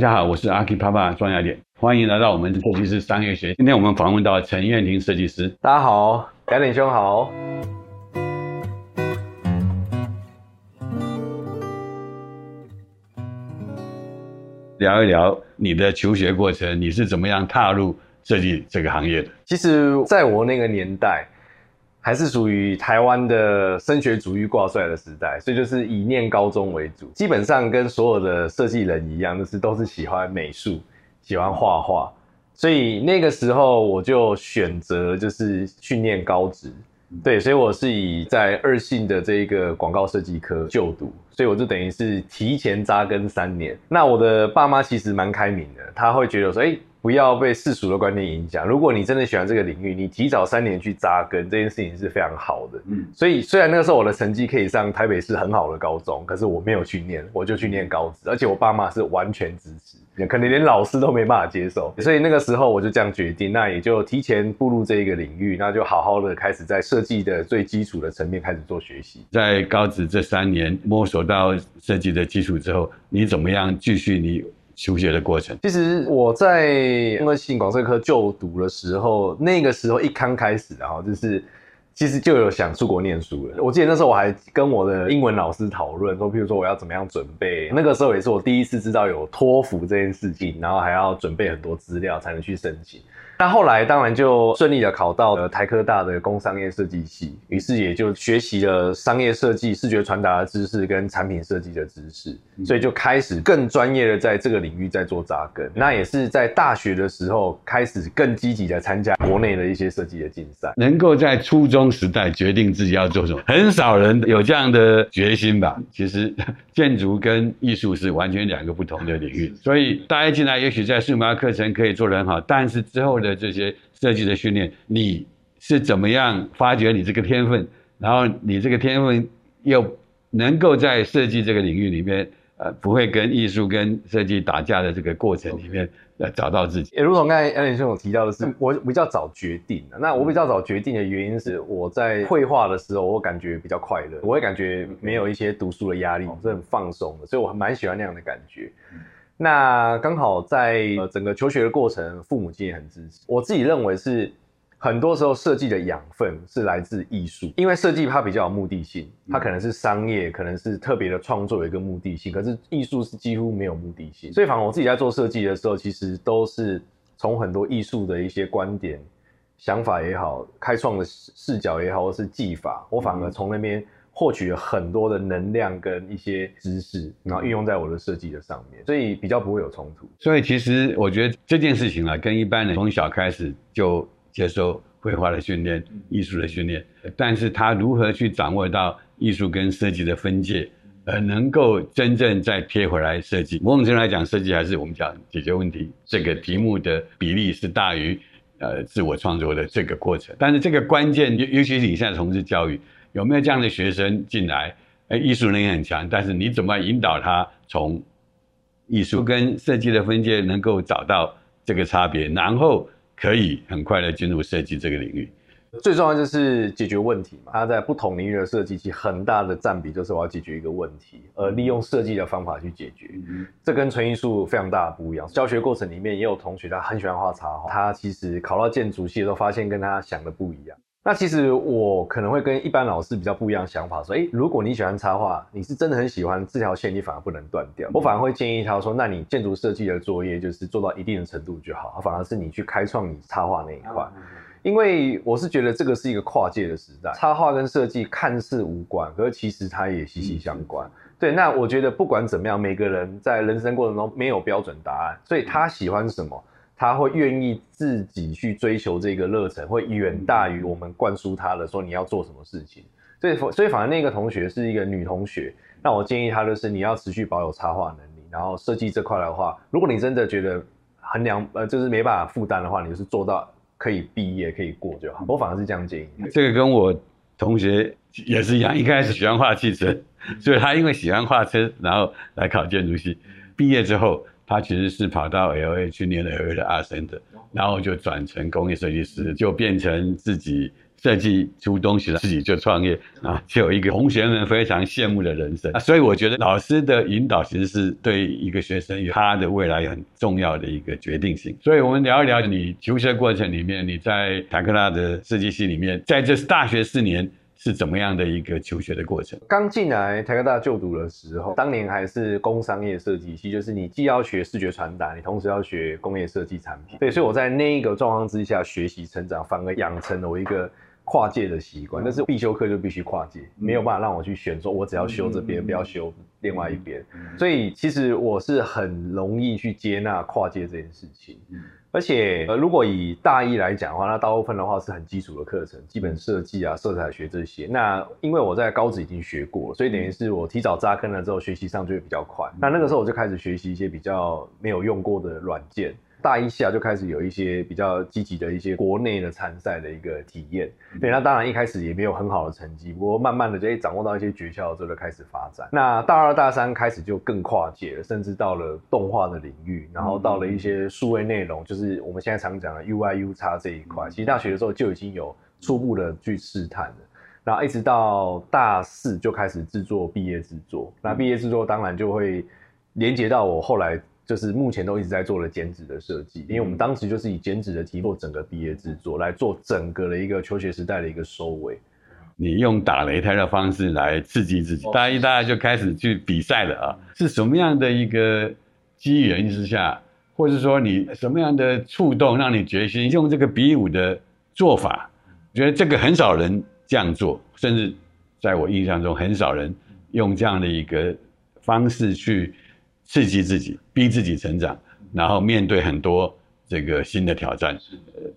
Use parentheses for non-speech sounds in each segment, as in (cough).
大家好，我是阿基帕帕莊雅典，歡迎來到我們的設計師商業學。今天我們訪問到陳彥廷設計師，大家好，雅典兄好，聊一聊你的求學過程，你是怎麼樣踏入設計這個行業的？其實在我那個年代。還是屬於台灣的升學主義掛帥的時代，所以就是以念高中為主，基本上跟所有的設計人一樣，就是都是喜歡美術，喜歡畫畫，所以那個時候我就選擇就是去念高職，對，所以我是以在二信的這一個廣告設計科就讀，所以我就等於是提前紮根三年。那我的爸媽其實蠻開明的，他會覺得說，哎。不要被世俗的觀念影響。如果你真的喜歡這個領域，你提早三年去扎根，這件事情是非常好的。嗯，所以雖然那個時候我的成績可以上台北市很好的高中，可是我沒有去念，我就去念高職，而且我爸媽是完全支持，可能連老師都沒辦法接受。所以那個時候我就這樣決定，那也就提前步入這個領域，那就好好的開始在設計的最基礎的層面開始做學習。在高職這三年摸索到設計的基礎之後，你怎麼樣繼續你？求學的過程。其實我在，因為信廣設科就讀的時候，那個時候一剛開始，然後就是其實就有想出國念書了。我記得那時候我還跟我的英文老師討論說，譬如說我要怎麼樣準備。那個時候也是我第一次知道有托福這件事情，然後還要準備很多資料才能去申請。那後來當然就順利的考到了台科大的工商業設計系，於是也就學習了商業設計、視覺傳達的知識跟產品設計的知識，所以就開始更專業的在這個領域在做扎根。那也是在大學的時候開始更積極的參加國內的一些設計的競賽，能夠在初中時代決定自己要做什麼，很少人有這樣的決心吧？其實建築跟藝術是完全兩個不同的領域，所以大家進來也許在數碼課程可以做得很好，但是之後的。這些設計的訓練，你是怎麼樣發掘你這個天分？然後你這個天分又能夠在設計這個領域裡面，呃、不會跟藝術跟設計打架的這個過程裡面，Okay. 呃、找到自己。如同剛才安林先生所提到的是，我比較早決定的。嗯、那我比較早決定的原因是，我在繪畫的時候，我感覺比較快樂，我也感覺沒有一些讀書的壓力，嗯、是很放鬆的，所以我蠻喜歡那樣的感覺。嗯那剛好在整個求學的過程，父母親也很支持。我自己認為是，很多時候設計的養分是來自藝術，因為設計它比較有目的性，它可能是商業，可能是特別的創作有一個目的性，可是藝術是幾乎沒有目的性。所以反而我自己在做設計的時候，其實都是從很多藝術的一些觀點、想法也好，開創的視角也好，或是技法，我反而從那邊。獲取了很多的能量跟一些知識，然後運用在我的設計的上面，所以比較不會有衝突。所以其實我覺得這件事情啊，跟一般人從小開始就接受繪畫的訓練、藝術、嗯、的訓練，但是他如何去掌握到藝術跟設計的分界，而能夠真正再貼回來設計。某種程度來講，設計還是我們講解決問題是這個題目的比例是大於呃自我創作的這個過程。但是這個關鍵，尤其是你現在從事教育。有沒有這樣的學生進來？哎、欸，藝術能力很強，但是你怎麼引導他從藝術跟設計的分界能夠找到這個差別，然後可以很快的進入設計這個領域？最重要就是解決問題嘛。他在不同領域的設計，其實很大的占比就是我要解決一個問題，而利用設計的方法去解決。嗯、這跟純藝術非常大的不一樣。教學過程裡面也有同學他很喜歡畫插畫，他其實考到建築系的時候，發現跟他想的不一樣。那其實我可能會跟一般老師比較不一樣的想法，說，誒，如果你喜歡插畫，你是真的很喜歡這條線，你反而不能斷掉。嗯、我反而會建議他，說，那你建築設計的作業就是做到一定的程度就好，反而是你去開創你插畫那一塊。嗯嗯嗯、因為我是覺得這個是一個跨界的時代，插畫跟設計看似無關，可是其實它也息息相關。嗯、對，那我覺得不管怎麼樣，每個人在人生過程中沒有標準答案，所以他喜歡什麼？嗯他會願意自己去追求這個熱忱，會遠大於我們灌輸他的說你要做什麼事情。所以所以反而那個同學是一個女同學，那我建議她就是你要持續保有插畫能力，然後設計這塊的話，如果你真的覺得衡量呃就是沒辦法負擔的話，你就是做到可以畢業可以過就好。我反而是這樣建議。這個跟我同學也是一樣，一開始喜歡畫汽車，所以他因為喜歡畫車，然後來考建築系，畢業之後。他其實是跑到 L A 去念了 L A 的阿生的，然後就轉成工業設計師，就變成自己設計出東西了，自己就創業啊，就有一個同學們非常羨慕的人生。啊，所以我覺得老師的引導其實是對一個學生與他的未來很重要的一個決定性。所以我們聊一聊你求學過程裡面，你在坦克納的設計系裡面，在這大學四年，是怎麼樣的一個求學的過程？剛進來台科大就讀的時候，當年還是工商業設計系，就是你既要學視覺傳達，你同時要學工業設計產品。對，所以我在那個狀況之下學習成長，反而養成了我一個跨界的習慣。但是必修課就必須跨界，嗯、沒有辦法讓我去選，說我只要修這邊，嗯、不要修另外一邊。嗯嗯、所以其實我是很容易去接納跨界這件事情。而且，呃，如果以大一來講的話，那大部分的話是很基礎的課程，基本設計啊、色彩學這些。那因為我在高職已經學過了，所以等於是我提早扎根了之後，學習上就會比較快。那那個時候我就開始學習一些比較沒有用過的軟件。大一下就開始有一些比較積極的一些國內的參賽的一個體驗，對，那當然一開始也沒有很好的成績，不過慢慢的就可以掌握到一些訣竅，之後開始發展。那大二大三開始就更跨界了，甚至到了動畫的領域，然後到了一些數位內容，嗯、就是我們現在常講的、UI、UX 這一塊，嗯、其實大學的時候就已經有初步的去試探了。那一直到大四就開始製作畢業製作，那畢業製作當然就會連接到我後來。就是目前都一直在做的剪紙的設計，因為我們當時就是以剪紙的題目，整個畢業制作來做整個的一個求學時代的一個收尾。你用打擂台的方式來刺激自己，哦、大一大家就開始去比賽了啊！是什麼樣的一個機緣之下，或者說你什麼樣的觸動讓你決心用這個比武的做法？我覺得這個很少人這樣做，甚至在我印象中很少人用這樣的一個方式去。刺激自己，逼自己成長，然後面對很多這個新的挑戰，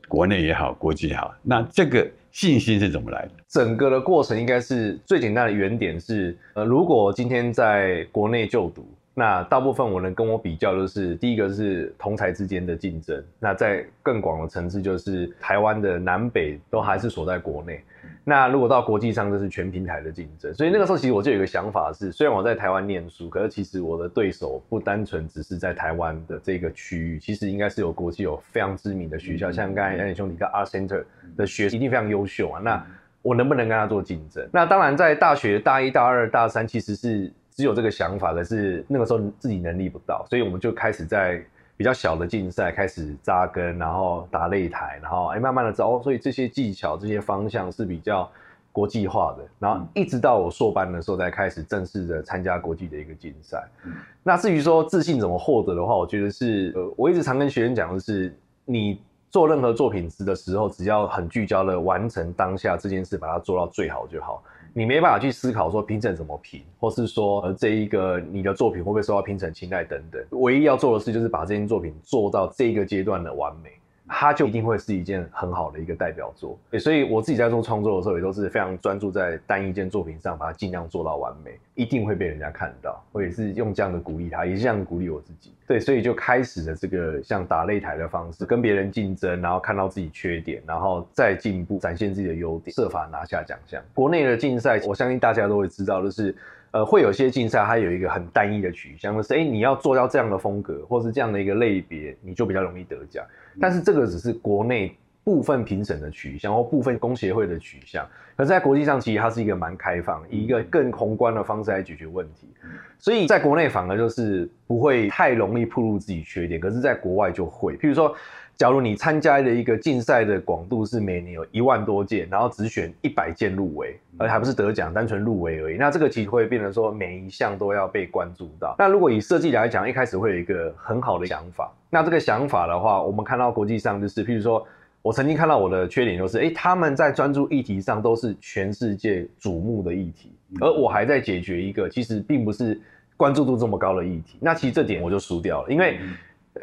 國內也好，國際也好，那這個信心是怎麼來的？整個的過程應該是最簡單的原點是，呃，如果今天在國內就讀，那大部分我能跟我比較的就是，第一個是同儕之間的競爭，那在更廣的層次就是台灣的南北都還是鎖在國內。那如果到國際上，就是全平台的競爭，所以那個時候其實我就有一個想法是，雖然我在台灣念書，可是其實我的對手不單純只是在台灣的這個區域，其實應該是有國際有非常知名的學校，嗯、像剛才楊穎兄弟跟 Art Center 的學、嗯、一定非常優秀啊。那我能不能跟他做競爭？嗯、那當然，在大學大一、大二、大三其實是只有這個想法的，可是那個時候自己能力不到，所以我們就開始在。比較小的競賽開始紮根，然後打擂台，然後哎、欸，慢慢的走，所以這些技巧、這些方向是比較國際化的。然後一直到我碩班的時候，才開始正式的參加國際的一個競賽。嗯、那至於說自信怎麼獲得的話，我覺得是呃，我一直常跟學生講的是，你做任何作品的時候，只要很聚焦的完成當下這件事，把它做到最好就好。你沒辦法去思考說，評審怎麼評，或是說呃這一個你的作品會不會受到評審青睞等等，唯一要做的事就是把這件作品做到這個階段的完美。他就一定會是一件很好的一個代表作，對，所以我自己在做創作的時候，也都是非常專注在單一件作品上，把它盡量做到完美，一定會被人家看到。我也是用這樣的鼓勵他，也是這樣的鼓勵我自己，對，所以就開始了這個像打擂臺的方式，跟別人競爭，然後看到自己缺點，然後再進步，展現自己的優點，設法拿下獎項。國內的競賽，我相信大家都會知道就是。呃，會有些競賽，它有一個很單一的取向，所、就是、欸、你要做到這樣的風格，或是這樣的一個類別，你就比較容易得獎。但是這個只是國內部分評審的取向，或部分工協會的取向。可是在國際上，其實它是一個蠻開放，以一個更宏觀的方式來解決問題。所以在國內反而就是不會太容易暴露自己缺點，可是在國外就會。譬如說。假如你參加的一個競賽的廣度是每年有一萬多件，然後只選一百件入圍，而還不是得獎，單純入圍而已。那這個其實會變成說每一項都要被關注到。那如果以設計來講，一開始會有一個很好的想法。那這個想法的話，我們看到國際上就是，譬如說，我曾經看到我的缺點就是，誒，他們在專注議題上都是全世界矚目的議題，而我還在解決一個其實並不是關注度這麼高的議題。那其實這點我就輸掉了，因為。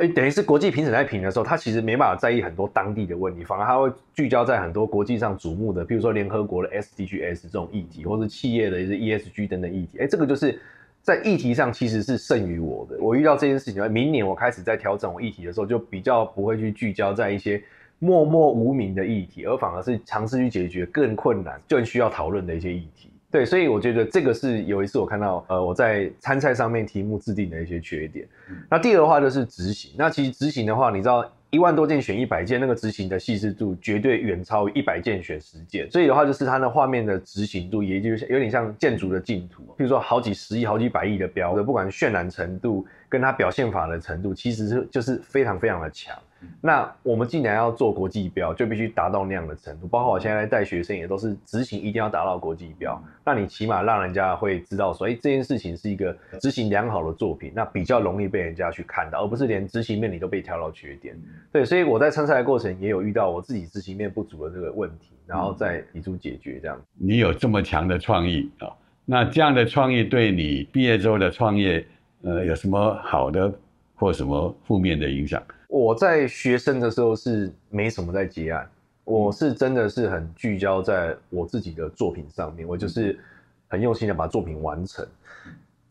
哎，等於是國際評審在評的時候，他其實沒辦法在意很多當地的問題，反而他會聚焦在很多國際上矚目的，比如說聯合國的 SDGs 這種議題，或是企業的一些 ESG 等等議題。哎，這個就是在議題上其實是勝於我的。我遇到這件事情，明年我開始在調整我議題的時候，就比較不會去聚焦在一些默默無名的議題，而反而是嘗試去解決更困難、更需要討論的一些議題。對，所以我覺得這個是有一次我看到，呃，我在參賽上面題目制定的一些缺點。那第二的話就是執行。那其實執行的話，你知道一萬多件選一百件，那個執行的細緻度絕對遠超一百件選十件。所以的話就是它的畫面的執行度，也就是有點像建築的淨土，比如說好幾十億、好幾百億的標的，不管渲染程度跟它表現法的程度，其實是就是非常非常的強。那我們既然要做國際標，就必須達到那樣的程度。包括我現在帶學生也都是執行一定要達到國際標。那你起碼讓人家會知道，所以這件事情是一個執行良好的作品，那比較容易被人家去看到，而不是連執行面你都被挑到缺點。對，所以我在參賽的過程也有遇到我自己執行面不足的這個問題，然後再提出解決這樣。你有這麼強的創意啊？那這樣的創意對你畢業之後的創業，呃，有什麼好的或什麼負面的影響？我在學生的時候是沒什麼在接案，我是真的是很聚焦在我自己的作品上面，我就是很用心的把作品完成。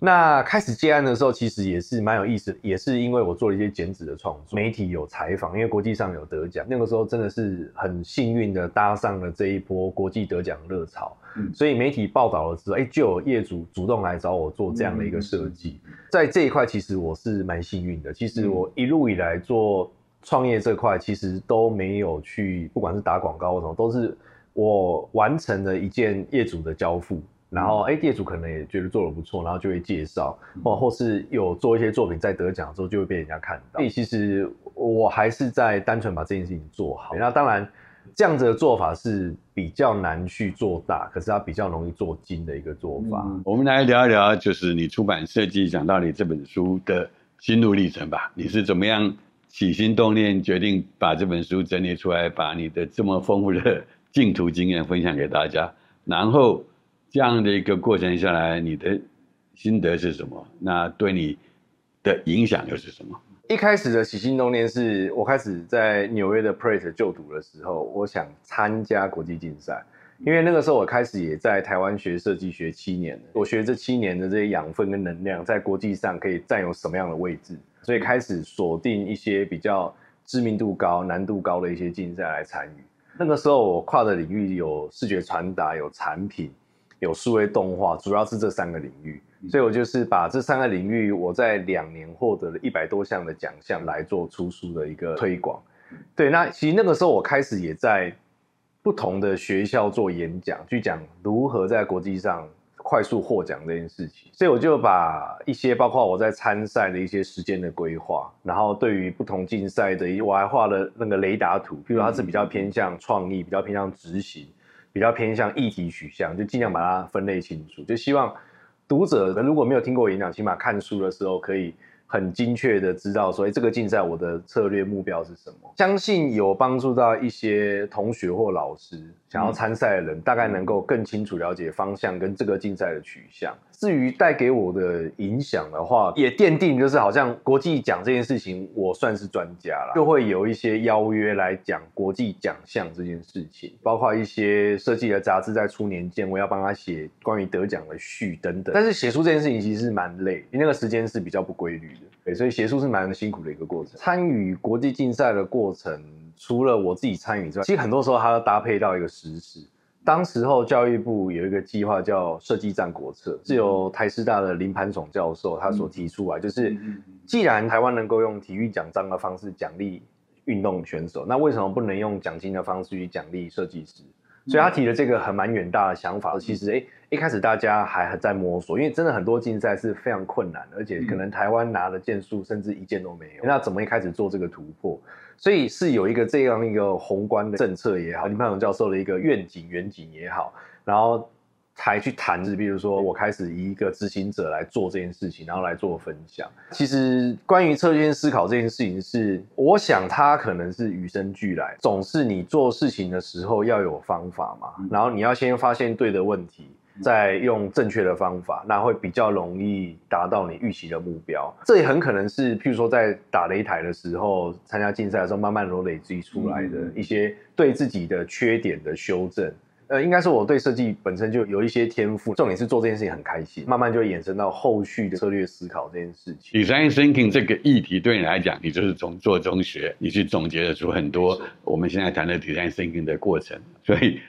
那開始接案的時候，其實也是蠻有意思的，也是因為我做了一些剪紙的創作，媒體有採訪，因為國際上有得獎，那個時候真的是很幸運的搭上了這一波國際得獎熱潮，嗯，所以媒體報道了之後，欸，就有業主主動來找我做這樣的一個設計，嗯，在這一塊其實我是蠻幸運的，其實我一路以來做創業這塊，其實都沒有去，不管是打廣告什麼，都是我完成了一件業主的交付。然後，哎，業主可能也覺得做得不錯，然後就會介紹，或或是有做一些作品在得獎之後，就會被人家看到。所以，其實我還是在單純把這件事情做好。那當然，這樣子的做法是比較難去做大，可是它比較容易做精的一個做法，嗯。我們來聊一聊，就是你出版設計獎道理這本書的心路歷程吧。你是怎麼樣起心動念，決定把這本書整理出來，把你的這麼豐富的競圖經驗分享給大家，然後，這樣的一個過程下來，你的心得是什麼？那對你的影響又是什麼？一開始的起心動念是我開始在紐約的 Pratt 就讀的時候，我想參加國際競賽，因為那個時候我開始也在台灣學設計學七年了，我學這七年的這些養分跟能量，在國際上可以占有什麼樣的位置？所以開始鎖定一些比較知名度高、難度高的一些競賽來參與。那個時候我跨的領域有視覺傳達、有產品。有數位動畫，主要是這三個領域，所以我就是把這三個領域，我在兩年獲得了一百多項的獎項來做出書的一個推廣。對，那其實那個時候我開始也在不同的學校做演講，去講如何在國際上快速獲獎這件事情。所以我就把一些包括我在參賽的一些時間的規劃，然後對於不同競賽的，我還畫了那個雷達圖，譬如他是比較偏向創意，比較偏向執行。比較偏向議題取向，就儘量把它分類清楚，就希望讀者如果沒有聽過我演講，起碼看書的時候可以很精確的知道說，說，欸，這個競賽我的策略目標是什麼。相信有幫助到一些同學或老師。想要參賽的人大概能夠更清楚了解方向跟這個競賽的取向。至於帶給我的影響的話，也奠定，就是好像國際獎這件事情，我算是專家了，就會有一些邀約來講國際獎項這件事情，包括一些設計的雜誌在出年鑑，我要幫他寫關於得獎的序等等。但是寫書這件事情其實是蠻累，你那個時間是比較不規律的，對，所以寫書是蠻辛苦的一個過程。參與國際競賽的過程。除了我自己參與之外，其實很多時候它都搭配到一個實施。當時候教育部有一個計劃叫“設計戰國策”，是由台師大的林磐聳教授他所提出來，就是既然台灣能夠用體育獎章的方式獎勵運動選手，那為什麼不能用獎金的方式去獎勵設計師？所以他提的這個還蠻遠大的想法，其實哎、欸，一開始大家還還在摸索，因為真的很多競賽是非常困難，而且可能台灣拿的件數甚至一件都沒有。那怎麼一開始做這個突破？所以是有一個這樣一個宏觀的政策也好，林潘勇教授的一個願景遠景也好，然後。台去談，是比如說，我開始以一個執行者來做這件事情，然後來做分享。其實關於側邊思考這件事情是，是我想它可能是與生俱來，總是你做事情的時候要有方法嘛，然後你要先發現對的問題，再用正確的方法，那會比較容易達到你預期的目標。這也很可能是，譬如說在打擂台的時候，參加競賽的時候，慢慢都累積出來的一些對自己的缺點的修正。呃，應該是我對設計本身就有一些天賦，重點是做這件事情很開心，慢慢就衍生到後續的策略思考這件事情。Design thinking 對這個議題對你來講，你就是從做中學，你去總結得出很多我們現在談的 Design thinking 的過程。所以，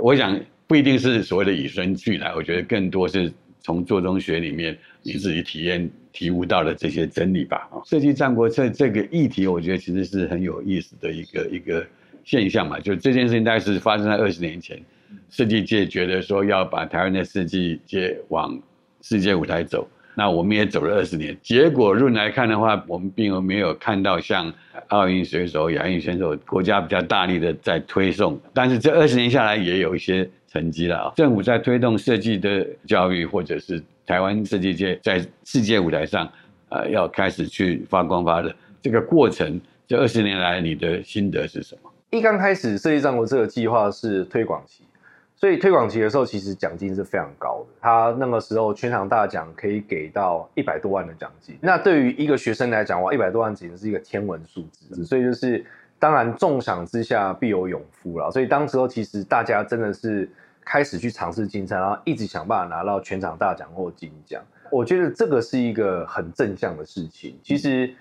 我想不一定是所謂的與生俱來，我覺得更多是從做中學裡面你自己體驗、是體悟到的這些真理吧。啊、哦，設計戰國策這個議題，我覺得其實是很有意思的一個是一個。現象嘛，就這件事情大概是發生在二十年前，設計界覺得說要把台灣的設計界往世界舞台走，那我們也走了二十年。結果論來看的話，我們並沒有看到像奧運選手、亞運選手，國家比較大力的在推送。但是這二十年下來，也有一些成績了，政府在推動設計的教育，或者是台灣設計界在世界舞台上，呃，要開始去發光發熱。這個過程，這二十年來，你的心得是什麼？一剛開始設計戰國這個計劃是推廣期，所以推廣期的時候其實獎金是非常高的。他那個時候全場大獎可以給到一百多萬的獎金，那對於一個學生來講的話，一百多萬只是一個天文數字。嗯、所以就是當然重賞之下必有勇夫，所以當時候其實大家真的是開始去嘗試競賽，然後一直想辦法拿到全場大獎或金獎。我覺得這個是一個很正向的事情。嗯、其實。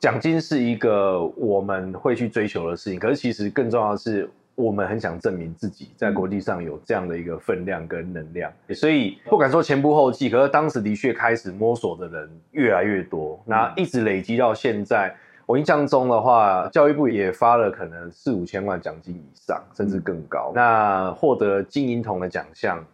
獎金是一個我們會去追求的事情，可是其實更重要的是，我們很想證明自己在國際上有這樣的一個分量跟能量，嗯、所以不敢說前仆後繼，可是當時的確開始摸索的人越來越多。嗯、那一直累積到現在，我印象中的話，教育部也發了可能四五千萬獎金以上，甚至更高。嗯、那獲得金銀銅的獎項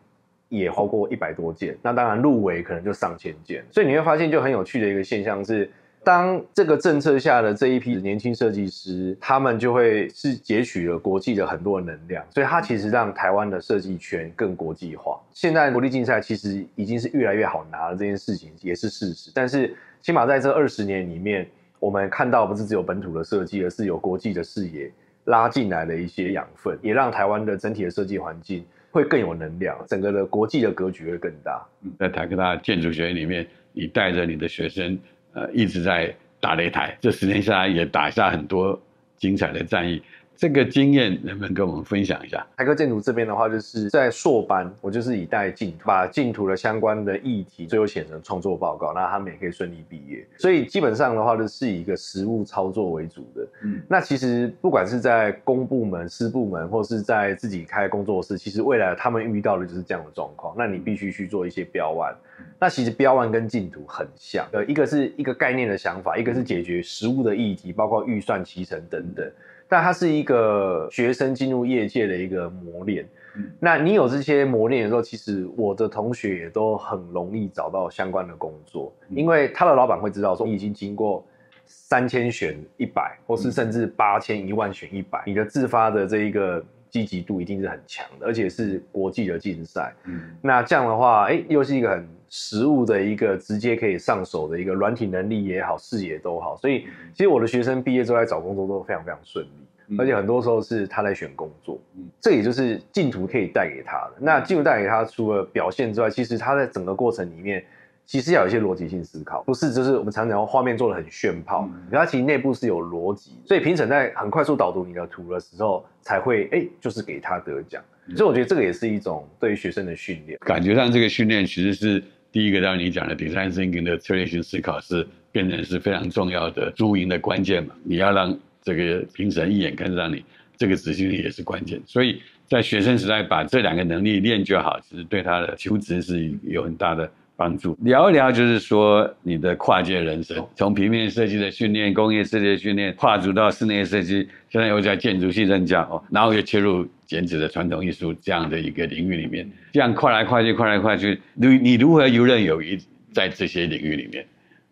也獲過一百多件，嗯、那當然入圍可能就上千件。所以你會發現，就很有趣的一個現象是。當這個政策下的這一批年輕設計師，他們就會是截取了國際的很多能量，所以它其實讓台灣的設計圈更國際化。現在國際競賽其實已經是越來越好拿了，這件事情也是事實。但是起碼在這二十年裡面，我們看到不是只有本土的設計，而是有國際的視野拉進來的一些養分，也讓台灣的整體的設計環境會更有能量，整個的國際的格局會更大。在台科大建築學院裡面，你帶着你的學生。呃，一直在打擂台，這十年下來也打下很多精彩的戰役。這個經驗能不能跟我們分享一下？台科建築這邊的話，就是在碩班，我就是以帶競把競圖的相關的議題，最後寫成創作報告，那他們也可以順利畢業。所以基本上的話，就是以一個實務操作為主的。嗯，那其實不管是在公部門、私部門，或是在自己開工作室，其實未來他們遇到的就是這樣的狀況。那你必須去做一些標案。那其實標案跟競圖很像，呃，一個是一個概念的想法，一個是解決實務的議題，包括預算、期程等等。但它是一個學生進入業界的一個磨練。嗯、那你有這些磨練的時候，其實我的同學也都很容易找到相關的工作，嗯、因為他的老闆會知道說你已經經過三千選一百，或是甚至八千一萬選一百、嗯，你的自發的這一個。積極度一定是很強的，而且是國際的競賽。嗯，那這樣的話，哎、欸，又是一個很實務的一個直接可以上手的一個軟體能力也好，視野都好。所以，其實我的學生畢業之後在找工作都非常非常順利，嗯、而且很多時候是他在選工作。嗯，這也就是競圖可以帶給他的。那競圖帶給他除了表現之外，其實他在整個過程裡面，其實要有一些邏輯性思考，不是就是我們常常畫面做的很炫炮，它其實內部是有邏輯，所以評審在很快速導讀你的圖的時候，才會哎、欸，就是給他得獎。所以我覺得這個也是一種對於學生的訓練。嗯、感覺上，這個訓練其實是第一個，就是你講的第三層級的策略性思考，是變成是非常重要的輸贏的關鍵嘛。你要讓這個評審一眼看上你，這個執行力也是關鍵。所以在學生時代把這兩個能力練就好，其實對他的求職是有很大的。關注，聊一聊，就是說你的跨界人生，從平面設計的訓練、工業設計的訓練，跨足到室內設計，現在又在建築系任教哦，然後又切入剪紙的傳統藝術這樣的一個領域裡面，這樣跨來跨去，跨來跨去，你你如何游刃有餘在這些領域裡面？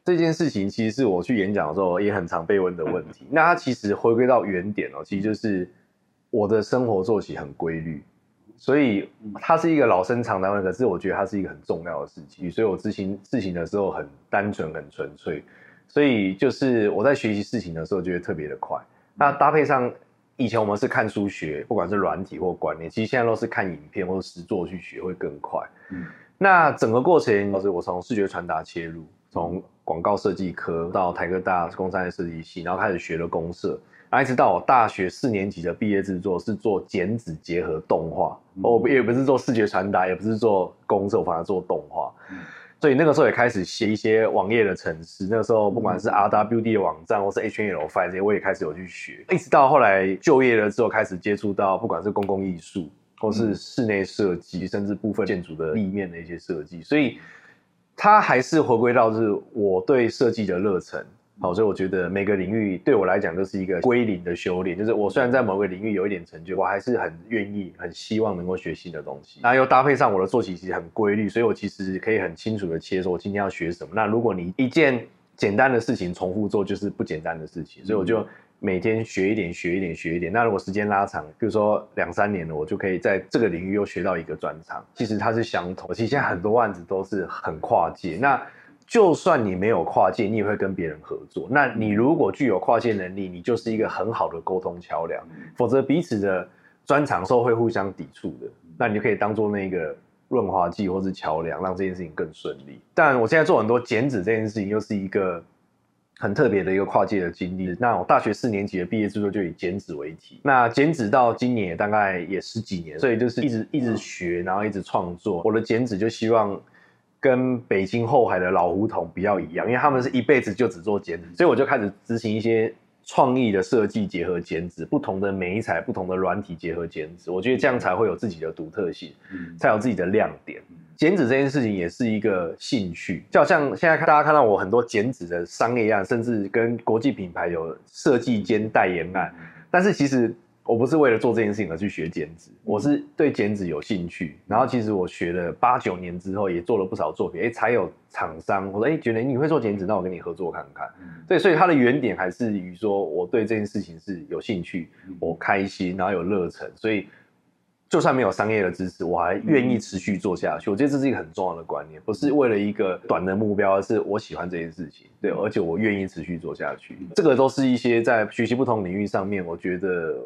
這件事情其實是我去演講的時候也很常被問的問題。那它其實回歸到原點哦，其實就是我的生活作息很規律。所以它是一個老生常談的，可是我覺得它是一個很重要的事情。所以我執行事情的時候很單純、很純粹。所以就是我在學習事情的時候，覺得特別的快。那搭配上以前我們是看書學，不管是軟體或觀念，其實現在都是看影片或者實作去學會更快。嗯，那整個過程就是我從視覺傳達切入，從廣告設計科到台科大工商業設計系，然後開始學了公社。啊、一直到我大學四年級的畢業制作是做剪紙結合動畫，我、嗯、也不是做視覺傳達，也不是做工設，我反而做動畫。嗯、所以那個時候也開始寫一些網頁的程式。那個時候不管是 RWD 的網站或是 HTML5 我也開始有去學。一直到後來就業了之後，開始接觸到不管是公共藝術或是室內設計，嗯、甚至部分建築的立面的一些設計。所以它還是回歸到就是我對設計的熱忱。好，所以我覺得每個領域對我來講都是一個歸零的修煉。就是我雖然在某個領域有一點成就，我還是很願意、很希望能夠學新的東西。那又搭配上我的作息其實很規律，所以我其實可以很清楚的切說我今天要學什麼。那如果你一件簡單的事情重複做，就是不簡單的事情。所以我就每天學一點、學一點、學一點。那如果時間拉長，比如說，兩三年了，我就可以在這個領域又學到一個專長。其實它是相同，其實現在很多案子都是很跨界。那。就算你沒有跨界，你也會跟別人合作。那你如果具有跨界能力，你就是一個很好的溝通橋樑。否則，彼此的專長時候會互相抵觸的。那你就可以當做那個潤滑劑或是橋樑，讓這件事情更順利。但我現在做很多剪紙，這件事情又是一個很特別的一個跨界的經歷。那我大學四年級的畢業制作就以剪紙為題。那剪紙到今年也大概也十幾年，所以就是一直一直學，然後一直創作。我的剪紙就希望跟北京後海的老胡同比較一樣，因為他們是一輩子就只做剪紙，所以我就開始執行一些創意的設計結合剪紙，不同的媒材、不同的軟體結合剪紙，我覺得這樣才會有自己的獨特性，嗯、才有自己的亮點。剪紙、嗯、這件事情也是一個興趣，就好像現在大家看到我很多剪紙的商業案，甚至跟國際品牌有設計兼代言案，但是其實，我不是為了做這件事情而去學剪紙，我是對剪紙有興趣。然後其實我學了八九年之後，也做了不少作品，哎、欸，才有廠商或者哎覺得你會做剪紙，那我跟你合作看看。對，所以它的原點還是於說我對這件事情是有興趣，我開心，然後有熱忱，所以就算沒有商業的支持，我還願意持續做下去。我覺得這是一個很重要的觀念，不是為了一個短的目標，而是我喜歡這件事情，對，而且我願意持續做下去。這個都是一些在學習不同領域上面，我覺得。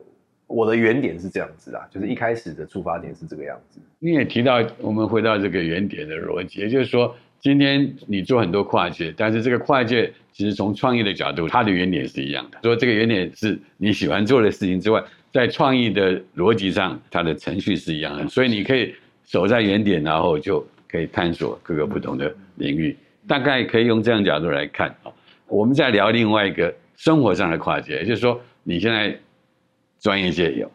我的原點是這樣子啊，就是一開始的出發點是這個樣子。你也提到，我們回到這個原點的邏輯，也就是說，今天你做很多跨界，但是這個跨界其實從創意的角度，它的原點是一樣的。除了這個原點是你喜歡做的事情之外，在創意的邏輯上，它的程序是一樣的，所以你可以守在原點，然後就可以探索各個不同的領域。大概可以用這樣的角度來看啊。我們再聊另外一個生活上的跨界，也就是說，你現在。專業界有，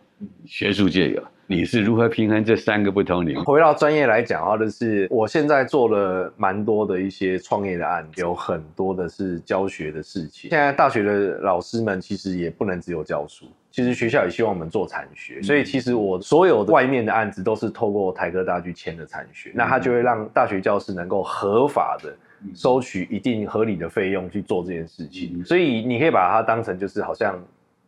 學術界有，你是如何平衡這三個不同領域？回到專業來講的話，就是我現在做了蠻多的一些創業的案，有很多的是教學的事情。現在大學的老師們其實也不能只有教書，其實學校也希望我們做產學，所以其實我所有的外面的案子都是透過台科大去簽的產學，那他就會讓大學教師能夠合法的收取一定合理的費用去做這件事情。所以你可以把它當成就是好像。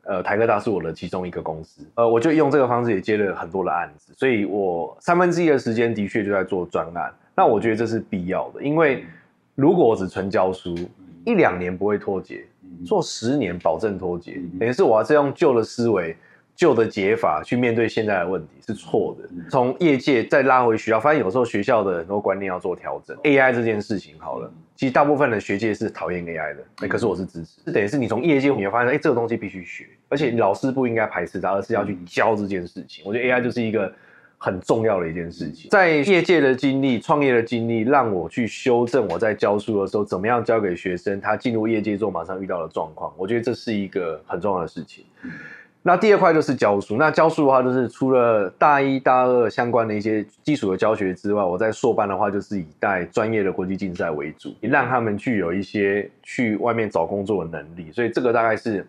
呃，台科大是我的其中一個公司，呃，我就用這個方式也接了很多的案子，所以我三分之一的時間的確就在做專案。那我覺得這是必要的，因為如果我只純教書，一兩年不會脫節，做十年保證脫節，等於是我還是用舊的思維、舊的解法去面對現在的問題，是錯的。從業界再拉回學校，發現有時候學校的很多觀念要做調整。AI 這件事情，好了。其實大部分的學界是討厭 AI 的、欸，可是我是支持，是、嗯、等於是你從業界你會發現，哎、欸，這個東西必須學，而且老師不應該排斥他，而是要去教這件事情。嗯、我覺得 AI 就是一個很重要的一件事情。嗯、在業界的經歷、創業的經歷，讓我去修正我在教書的時候，怎麼樣教給學生，他進入業界之後馬上遇到的狀況。我覺得這是一個很重要的事情。嗯那第二塊就是教書。那教書的話，就是除了大一、大二相關的一些基礎的教學之外，我在碩班的話，就是以帶專業的國際競賽為主，讓他們具有一些去外面找工作的能力。所以這個大概是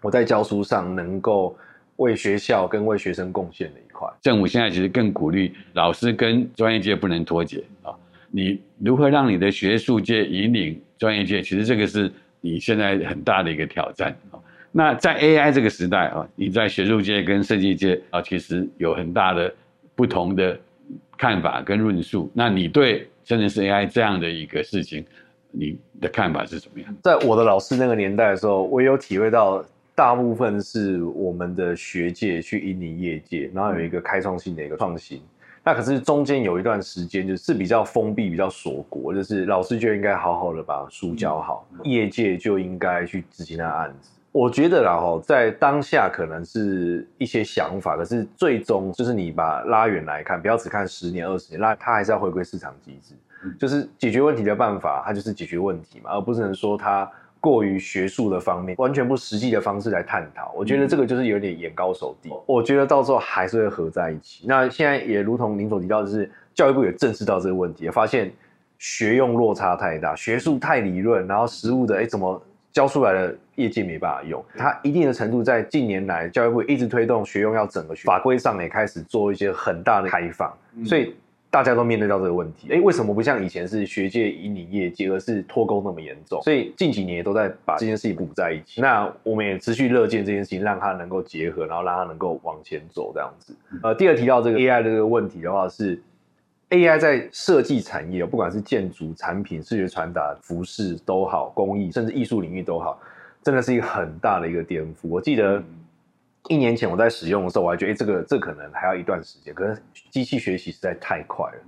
我在教書上能夠為學校跟為學生貢獻的一塊。政府現在其實更鼓勵老師跟專業界不能脫節啊。你如何讓你的學術界引領專業界？其實這個是你現在很大的一個挑戰啊。那在 AI 這個時代啊，你在學術界跟設計界啊，其實有很大的不同的看法跟論述。那你對真的是 AI 這樣的一個事情，你的看法是怎麼樣？在我的老師那個年代的時候，我也有體會到，大部分是我們的學界去引領業界，然後有一個開創性的一個創新。那可是中間有一段時間，就是比較封閉、比較鎖國，就是老師就應該好好的把書教好，業界就應該去執行他的案子。我覺得啦吼，在當下可能是一些想法，可是最終，就是你把拉遠來看，不要只看十年、二十年，那它還是要回歸市場機制，就是解決問題的辦法，它就是解決問題嘛，而不是說它過於學術的方面，完全不實際的方式來探討。我覺得這個就是有點眼高手低。嗯、我覺得到時候還是會合在一起。那現在也如同您所提到的是，就是教育部也正視到這個問題，也發現學用落差太大，學術太理論，然後實務的，誒怎麼教出來的？業界沒辦法用，它一定的程度在近年來，教育部一直推動學用要整個學，法規上也開始做一些很大的開放，所以大家都面對到這個問題。誒、欸，為什麼不像以前是學界引領業界，而是脫鈎那麼嚴重？所以近幾年都在把這件事情補在一起。那我們也持續樂見這件事情，讓它能夠結合，然後讓它能夠往前走這樣子。呃，第二提到這個 AI 的這個問題的話是，是 AI 在設計產業，不管是建築、產品、視覺傳達、服飾都好，工藝甚至藝術領域都好。真的是一個很大的一個顛覆。我記得一年前我在使用的時候，我還覺得，欸，這個這可能還要一段時間。可是機器學習實在太快了。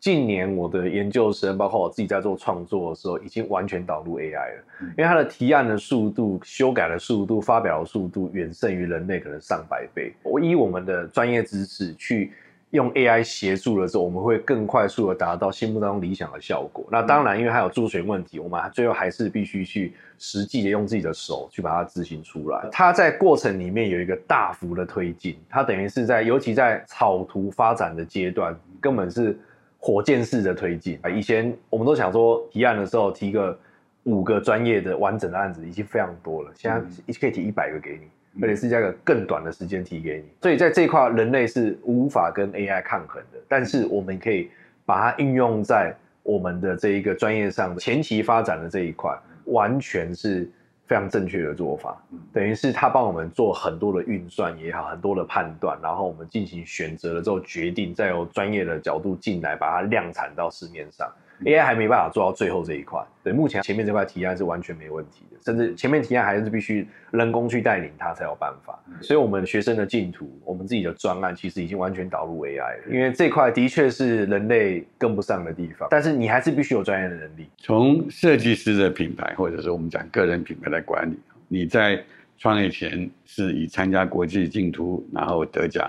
近年我的研究生，包括我自己在做創作的時候，已經完全導入 AI 了。因為它的提案的速度、修改的速度、發表的速度，遠勝於人類可能上百倍。我以我們的專業知識去。用 AI 協助的時候，我們會更快速的達到心目當中理想的效果。那當然，因為它有注水問題，嗯、我們最後還是必須去實際的用自己的手去把它執行出來。嗯、它在過程裡面有一個大幅的推進，它等於是在，尤其在草圖發展的階段，根本是火箭式的推進啊！以前我們都想說提案的時候提個五個專業的完整的案子已經非常多了，現在可以提一百個給你。嗯而且是加個更短的時間提給你，所以在這一塊人類是無法跟 AI 抗衡的，但是我們可以把它應用在我們的這一個專業上前期發展的這一塊，完全是非常正確的做法。等於是它幫我們做很多的運算也好，很多的判斷，然後我們進行選擇了之後決定，再由專業的角度進來把它量產到市面上。AI 還沒辦法做到最後這一塊，對，目前前面這塊提案是完全沒問題的，甚至前面提案還是必須人工去帶領他才有辦法。所以，我們學生的競圖，我們自己的專案，其實已經完全導入 AI 了。因為這塊的確是人類跟不上的地方，但是你還是必須有專業的能力。從設計師的品牌，或者是我們講個人品牌的管理，你在創業前是以參加國際競圖，然後得獎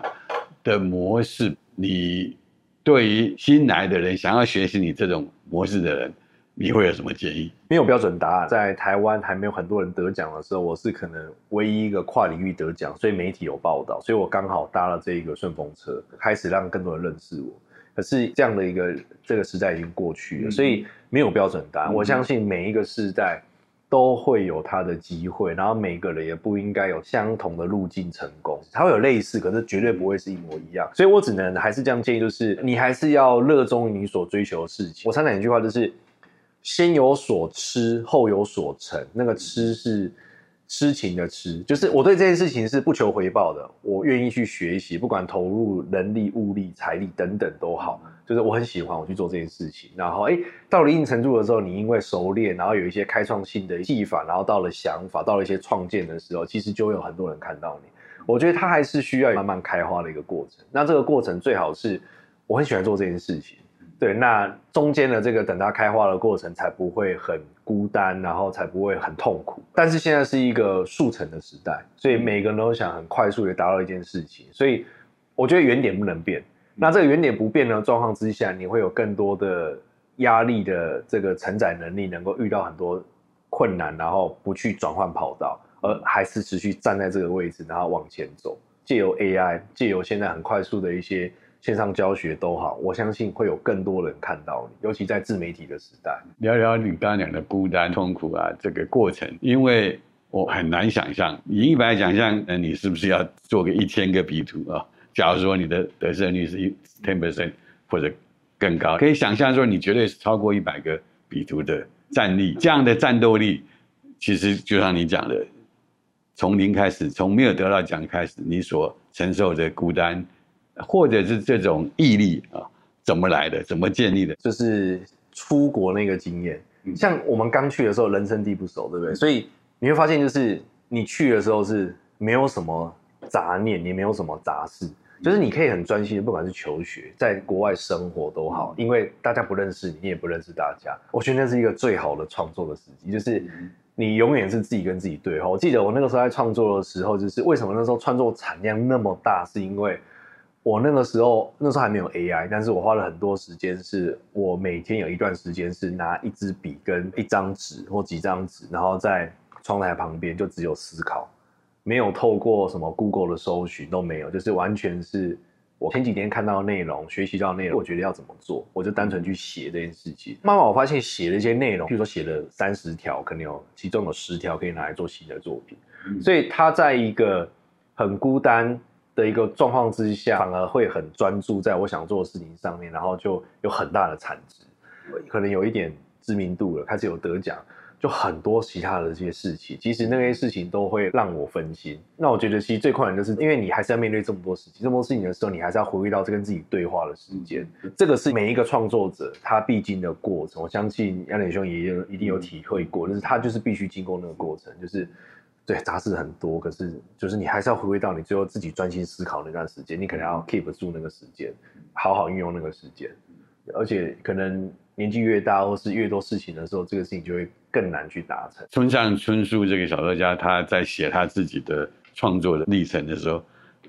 的模式，你對於新來的人想要學習你這種。模式的人，你會有什麼建議？沒有標準答案。在台灣還沒有很多人得獎的時候，我是可能唯一一個跨領域得獎，所以媒體有報道，所以我剛好搭了這一個順風車，開始讓更多人認識我。可是這樣的一個這個時代已經過去了，所以沒有標準答案。嗯，我相信每一個時代，都會有他的機會，然後每個人也不應該有相同的路徑成功，他會有類似，可是絕對不會是一模一樣。所以我只能還是這樣建議，就是你還是要熱衷於你所追求的事情。嗯、我常講一句話，就是先有所癡，後有所成。那個癡是。痴情的痴，就是我對這件事情是不求回報的，我願意去學習，不管投入人力、物力、財力等等都好，就是我很喜歡我去做這件事情。然後，哎，到了一定程度的時候，你因為熟練，然後有一些開創性的技法，然後到了想法，到了一些創建的時候，其實就會有很多人看到你。我覺得它還是需要慢慢開花的一個過程。那這個過程最好是我很喜歡做這件事情。對，那中間的這個等它開花的過程，才不會很孤單，然後才不會很痛苦。但是現在是一個速成的時代，所以每個人都想很快速的達到一件事情。所以我覺得原點不能變。那這個原點不變的狀況之下，你會有更多的壓力的這個承載能力，能夠遇到很多困難，然後不去轉換跑道，而還是持續站在這個位置，然後往前走。借由 AI，借由現在很快速的一些。線上教學都好，我相信會有更多人看到你，尤其在自媒體的時代。聊聊你剛剛講的孤單、痛苦啊，這個過程，因為我很難想象，你一百想象，那你是不是要做個一千個比圖啊？假如說你的得勝率是10 percent 或者更高，可以想象說你絕對是超過一百個比圖的戰力。這樣的戰鬥力，其實就像你講的，從零開始，從沒有得到獎開始，你所承受的孤單。或者是這種毅力啊，怎麼來的？怎麼建立的？就是出國那個經驗，像我們剛去的時候，人生地不熟，對不對？所以你會發現，就是你去的時候是沒有什麼雜念，你也沒有什麼雜事，就是你可以很專心，不管是求學，在國外生活都好，因為大家不認識你，你也不認識大家。我覺得那是一個最好的創作的時機，就是你永遠是自己跟自己對話。我記得我那個時候在創作的時候，就是為什麼那時候創作產量那麼大，是因為。我那個時候，那時候還沒有 AI，但是我花了很多時間是，是我每天有一段時間是拿一支筆跟一張紙或幾張紙，然後在窗台旁邊就只有思考，沒有透過什麼 Google 的搜尋都沒有，就是完全是我前幾天看到內容，學習到內容，我覺得要怎麼做，我就單純去寫這件事情。慢慢我發現寫的一些內容，譬如說寫了三十條，可能有其中有十條可以拿來做新的作品，所以他在一個很孤單，的一個狀況之下，反而會很專注在我想做的事情上面，然後就有很大的產值，可能有一點知名度了，開始有得獎，就很多其他的這些事情，其實那些事情都會讓我分心。那我覺得其實最困難就是，因為你還是要面對這麼多事情，這麼多事情的時候，你還是要回歸到跟自己對話的時間，嗯、這個是每一個創作者他必經的過程。我相信楊磊兄也有一定有體會過，就、嗯、是他就是必須經過那個過程，就是。對，雜事很多，可是就是你還是要回歸到你最後自己專心思考那段時間，你可能要 keep 住那個時間，好好運用那個時間。而且可能年紀越大，或是越多事情的時候，這個事情就會更難去達成。村上春樹這個小說家，他在寫他自己的創作的歷程的時候，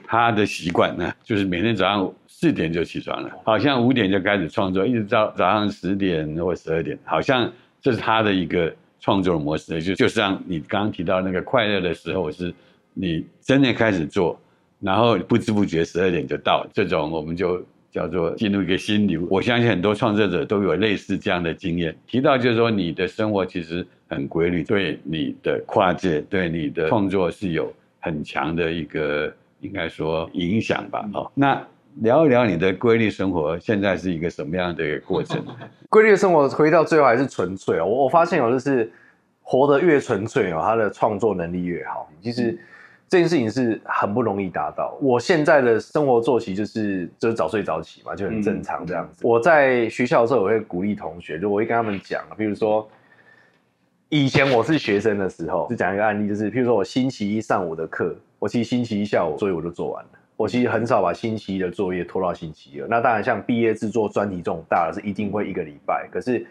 他的習慣呢，就是每天早上四點就起床了，好像五點就開始創作，一直到早上十點或十二點，好像這是他的一個。創作模式，就就像你剛剛提到那個快樂的時候是，你真正開始做，然後不知不覺十二點就到，這種我們就叫做進入一個心流。我相信很多創作者都有類似這樣的經驗。提到就是說你的生活其實很規律，對你的跨界對你的創作是有很強的一個應該說影響吧？哦，那。聊一聊你的規律生活，現在是一個什麼樣的一個過程？規 (laughs) 律生活回到最後還是純粹哦。我我發現哦，就是活得越純粹哦，他的創作能力越好。其實這件事情是很不容易達到。我現在的生活作息就是就是早睡早起嘛，就很正常這樣子。嗯，我在學校的時候，我會鼓勵同學，就我會跟他們講，比如說以前我是學生的時候，就講一個案例，就是比如說我星期一上午的課，我其實星期一下午，所以我就做完了。我其實很少把星期一的作業拖到星期二。那當然，像畢業制作、專題這種大的是一定會一個禮拜。可是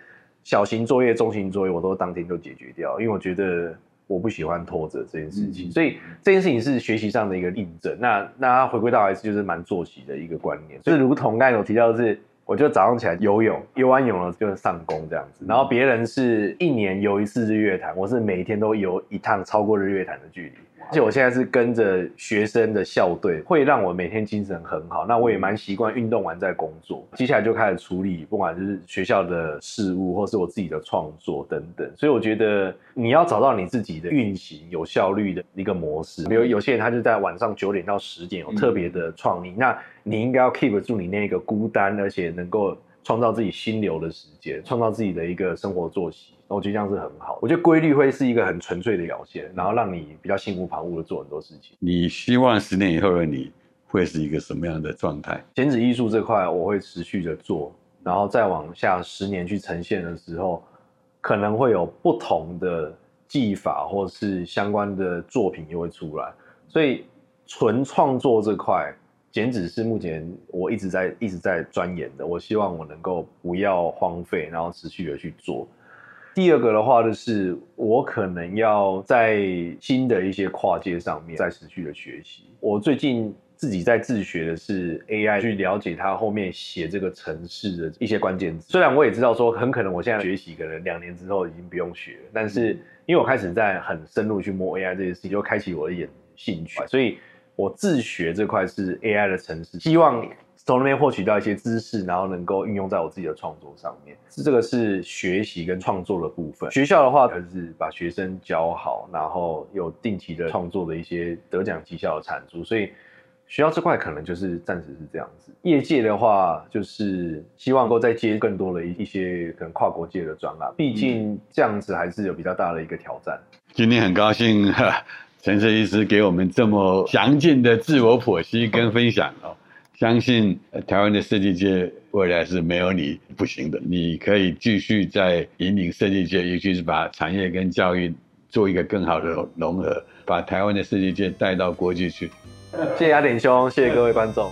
小型作業、中型作業，我都當天就解決掉，因為我覺得我不喜歡拖着這件事情。嗯、所以這件事情是學習上的一個印證。那那回歸到來是就是蠻作息的一個觀念。就是如同剛才提到的是，是我就早上起來游泳，游完泳了就上工這樣子。嗯、然後別人是一年游一次日月潭，我是每一天都游一趟超過日月潭的距離。而且我現在是跟着學生的校隊，會讓我每天精神很好。那我也蠻習慣運動完再工作，接下來就開始處理，不管就是學校的事務，或是我自己的創作等等。所以我覺得你要找到你自己的運行有效率的一個模式。比如有些人他就在晚上九點到十點有特別的創意，嗯、那你應該要 keep 住你那個孤單，而且能夠。創造自己心流的時間，創造自己的一個生活作息，我覺得這樣是很好。我覺得規律會是一個很純粹的表現，然後讓你比較心無旁騖的做很多事情。你希望十年以後的你會是一個什麼樣的狀態？剪紙藝術這塊我會持續的做，然後再往下十年去呈現的時候，可能會有不同的技法或是相關的作品又會出來。所以純創作這塊。剪紙是目前我一直在一直在鑽研的，我希望我能夠不要荒廢，然後持續的去做。第二個的話就是我可能要在新的一些跨界上面，再持續的學習。我最近自己在自學的是 AI，去了解它後面寫這個程式的一些關鍵字。雖然我也知道說，很可能我現在學習可能兩年之後已經不用學，但是因為我開始在很深入去摸 AI 這些事情，就開啟我的一點興趣，所以。我自學這塊是 AI 的城市，希望從那邊獲取到一些知識，然後能夠運用在我自己的創作上面。這個是學習跟創作的部分。學校的話，還是把學生教好，然後有定期的創作的一些得獎績效的產出。所以學校這塊可能就是暫時是這樣子。業界的話，就是希望夠再接更多的一一些可能跨國界的專案，畢竟這樣子還是有比較大的一個挑戰。今天很高興。呵呵陳設計師給我們這麼詳盡的自我剖析跟分享哦，相信台灣的設計界未來是沒有你不行的。你可以繼續在引領設計界，尤其是把產業跟教育做一個更好的融合，把台灣的設計界帶到國際去。謝謝彥廷兄，謝謝各位觀眾。